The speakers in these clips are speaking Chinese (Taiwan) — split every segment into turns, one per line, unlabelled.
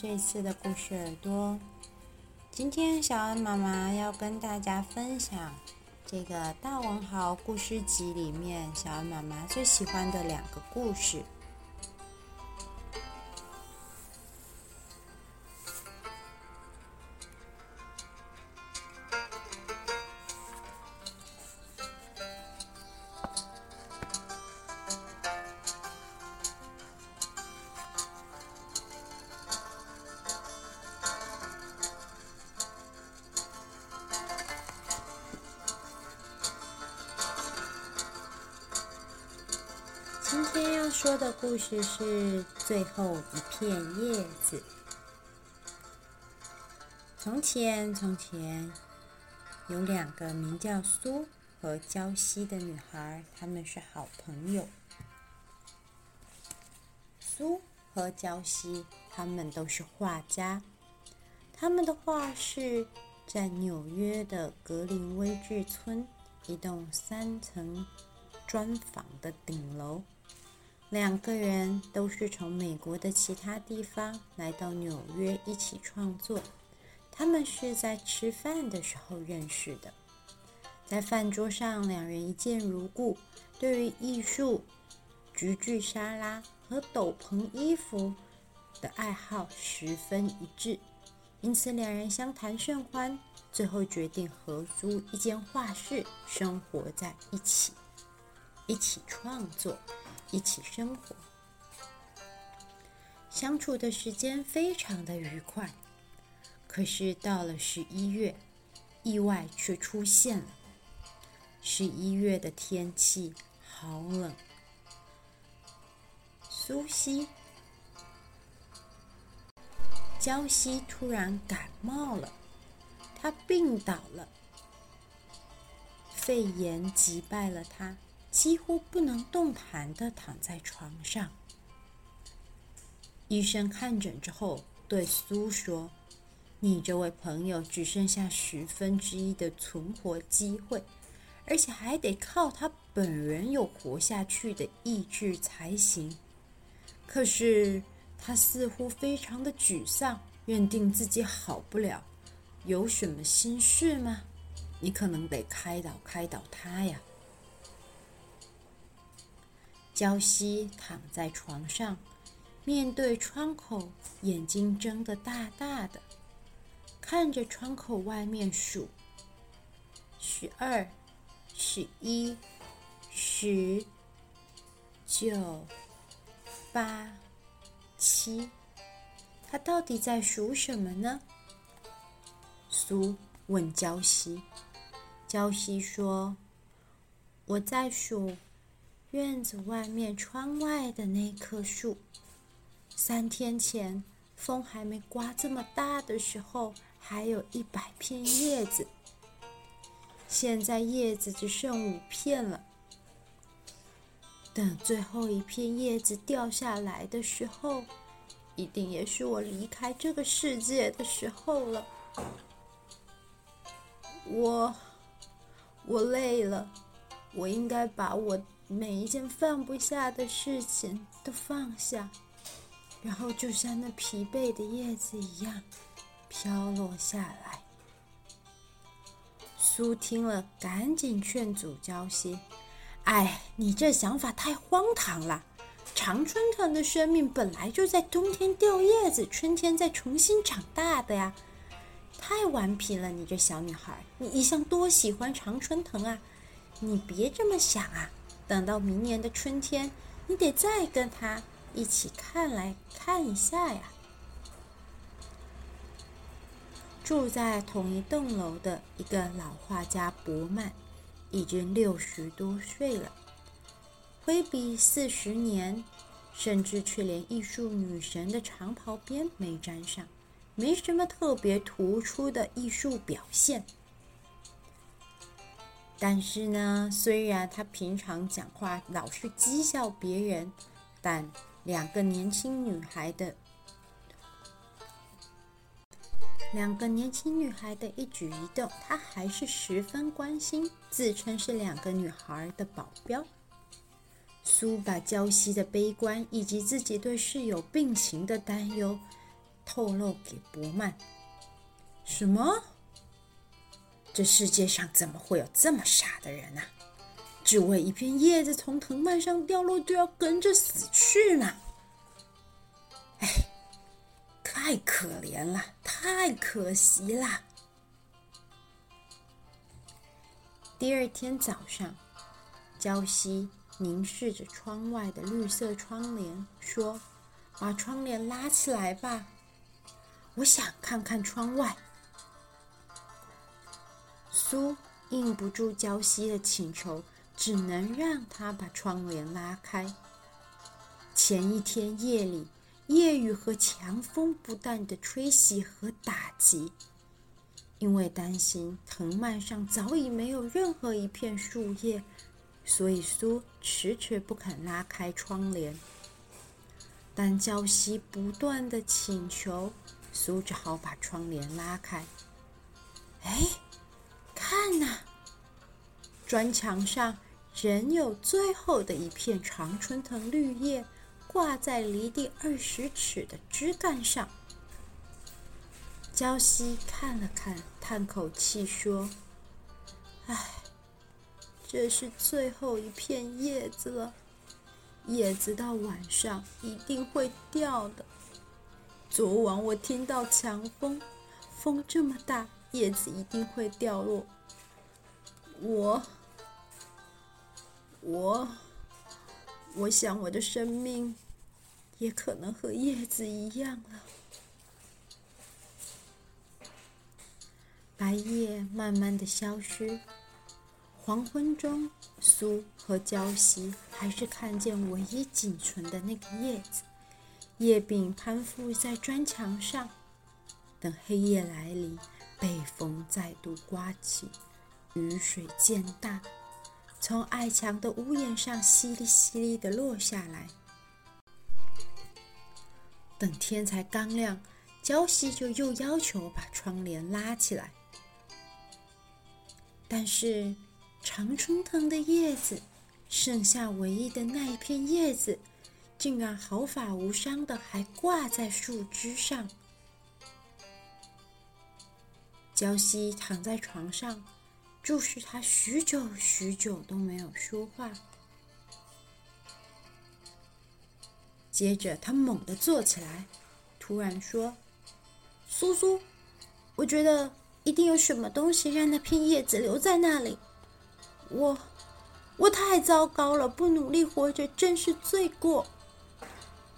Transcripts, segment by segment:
這次的故事耳朵，今天小恩媽媽要跟大家分享這個大文豪故事集裡面小恩媽媽最喜歡的兩個故事。說的故事是《最後一片葉子》。從前，從前有兩個名叫蘇和嬌西的女孩，她們是好朋友。蘇和嬌西，她們都是畫家。她們的畫室在紐約的格林威治村，一棟三層磚房的頂樓。兩個人都是從美國的其他地方來到紐約一起創作。他們是在吃飯的時候認識的，在飯桌上，兩人一見如故，對於藝術、菊苣沙拉和斗篷衣服的愛好十分一致，因此兩人相談甚歡。最後決定合租一間畫室，生活在一起，一起創作。一起生活，相處的時間非常的愉快。可是到了十一月，意外卻出現了。十一月的天氣好冷，蘇西、焦西突然感冒了，他病倒了，肺炎擊敗了他。幾乎不能動彈的躺在床上。醫生看診之後對蘇說：“你這位朋友只剩下十分之一的存活機會，而且還得靠他本人有活下去的意志才行。”可是他似乎非常的沮喪，認定自己好不了。有什麼心事嗎？你可能得開導開導他呀。焦西躺在床上，面對窗口，眼睛睜得大大的，看着窗口外面數：十二、十一、十、九、八、七。他到底在數什麼呢？蘇問焦西。焦西說：“我在數。”院子外面，窗外的那棵樹，三天前風還沒颳這麼大的時候，還有一百片葉子。現在葉子只剩五片了。等最後一片葉子掉下來的時候，一定也是我離開這個世界的時候了。我，我累了，我應該把我每一件放不下的事情都放下，然後就像那疲憊的葉子一樣飄落下來。蘇聽了，趕緊勸阻嬌西：“哎，你這想法太荒唐了！常春藤的生命本來就在冬天掉葉子，春天再重新長大的呀！太頑皮了，你這小女孩，你一向多喜歡常春藤啊！你別這麼想啊！”等到明年的春天，你得再跟他一起看來看一下呀。住在同一棟樓的一個老畫家伯曼，已經六十多歲了，揮筆四十年，甚至卻連藝術女神的長袍邊沒沾上，沒什麼特別突出的藝術表現。但是呢，雖然他平常講話老是譏笑別人，但兩個年輕女孩的，兩個年輕女孩的一舉一動，他還是十分關心。自稱是兩個女孩的保鏢，蘇把瓊西的悲觀以及自己對室友病情的擔憂透露給伯曼。什麼？這世界上怎麼會有這麼傻的人呢？啊？只為一片葉子從藤蔓上掉落，就要跟着死去呢？哎，太可憐了，太可惜了。第二天早上，焦西凝視着窗外的綠色窗簾，說：“把窗簾拉起來吧，我想看看窗外。”蘇拗不住焦西的請求，只能讓他把窗簾拉開。前一天夜裡，夜雨和強風不斷的吹襲和打擊，因為擔心藤蔓上早已沒有任何一片樹葉，所以蘇遲遲不肯拉開窗簾。但焦西不斷的請求，蘇只好把窗簾拉開。哎。磚牆上仍有最後的一片常春藤綠葉，掛在離地二十尺的枝幹上。焦希看了看，嘆口氣說：“哎，這是最後一片葉子了，葉子到晚上一定會掉的。昨晚我聽到強風，風這麼大，葉子一定會掉落。我。”我，我想我的生命也可能和葉子一樣了。白葉慢慢的消失，黃昏中，蘇和嬌西還是看見唯一僅存的那個葉子，葉柄攀附在磚牆上，等黑夜來臨，北風再度刮起，雨水漸大。從矮牆的屋檐上淅瀝淅瀝的落下來，等天才剛亮，焦西就又要求把窗簾拉起來。但是，常春藤的葉子，剩下唯一的那一片葉子，竟然毫髮無傷的還掛在樹枝上。焦西躺在床上，注視他許久許久都沒有說話，接着他猛地坐起來，突然說：“蘇蘇，我覺得一定有什麼東西讓那片葉子留在那裡。我，我太糟糕了，不努力活着真是罪過。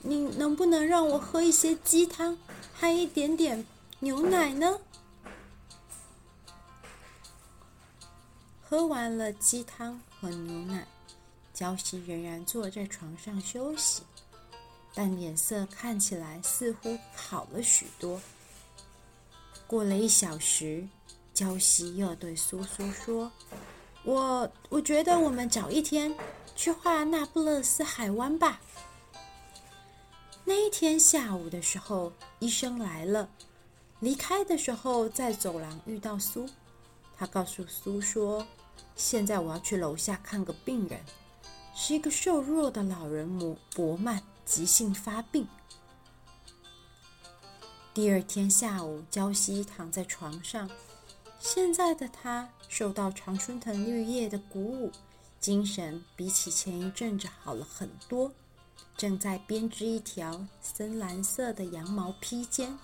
你能不能讓我喝一些雞湯，喝一點點牛奶呢？”喝完了雞湯和牛奶，焦西仍然坐在床上休息，但臉色看起來似乎好了許多。過了一小時，焦西又對蘇蘇說：“我我覺得我們找一天去畫那不勒斯海灣吧。”那一天下午的時候，醫生來了，離開的時候在走廊遇到蘇。他告訴蘇說：“現在我要去樓下看個病人，是一個瘦弱的老人母，伯曼急性發病。”第二天下午，嬌西躺在床上，現在的她受到常春藤綠葉的鼓舞，精神比起前一陣子好了很多，正在編織一條深藍色的羊毛披肩。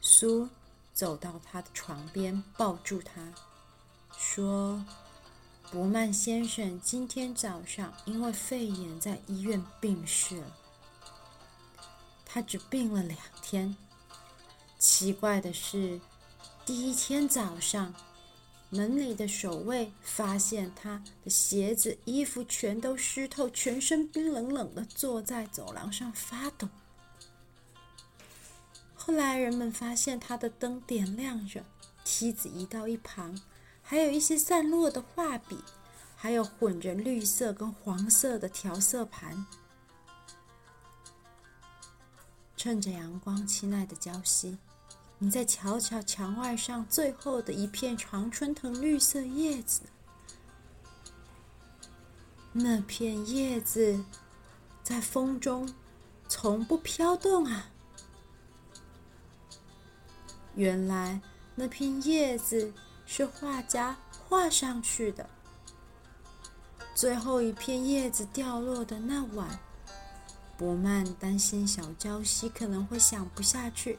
蘇走到他的床邊，抱住他，說：“伯曼先生今天早上因為肺炎在醫院病逝了。他只病了兩天。奇怪的是，第一天早上，門裡的守衛發現他的鞋子、衣服全都濕透，全身冰冷冷的，坐在走廊上發抖。”後來人們發現，他的燈點亮着，梯子移到一旁，還有一些散落的畫筆，還有混着綠色跟黃色的調色盤。趁着陽光，親愛的嬌西，你再瞧瞧牆外上最後的一片常春藤綠色葉子，那片葉子在風中從不飄動啊。原來那片葉子是畫家畫上去的。最後一片葉子掉落的那晚，博曼擔心小嬌西可能會想不下去，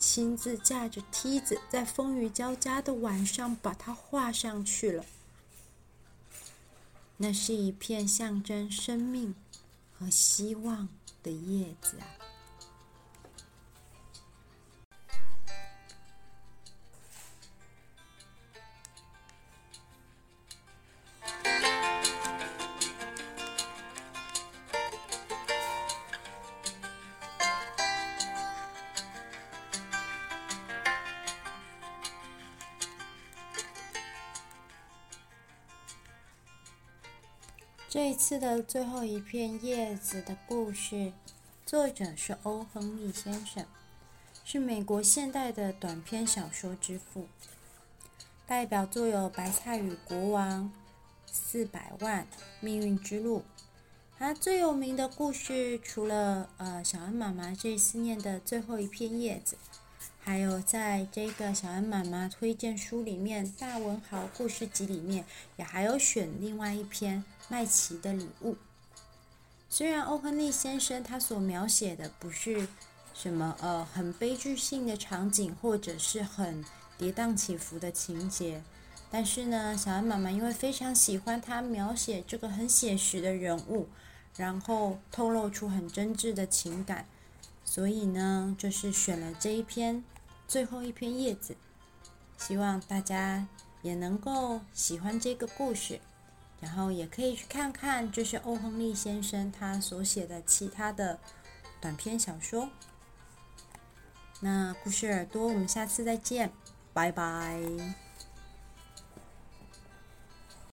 親自架着梯子，在風雨交加的晚上把它畫上去了。那是一片象徵生命和希望的葉子啊。這一次的《最後一片葉子》的故事，作者是歐亨利先生，是美國現代的短篇小說之父。代表作有《白菜與國王》、《四百萬》、《命運之路》。他最有名的故事，除了呃小恩媽媽這次念的《最後一片葉子》，還有在這個小恩媽媽推薦書裡面，《大文豪故事集》裡面也還有選另外一篇《麥琪的禮物》。雖然歐亨利先生他所描寫的不是什麼呃很悲劇性的場景，或者是很跌宕起伏的情節，但是呢，小恩媽媽因為非常喜歡他描寫這個很寫實的人物，然後透露出很真摯的情感，所以呢，就是選了這一篇。最後一片葉子，希望大家也能夠喜歡這個故事，然後也可以去看看，就是歐·亨利先生他所寫的其他的短篇小說。那故事耳朵，我們下次再見，拜拜。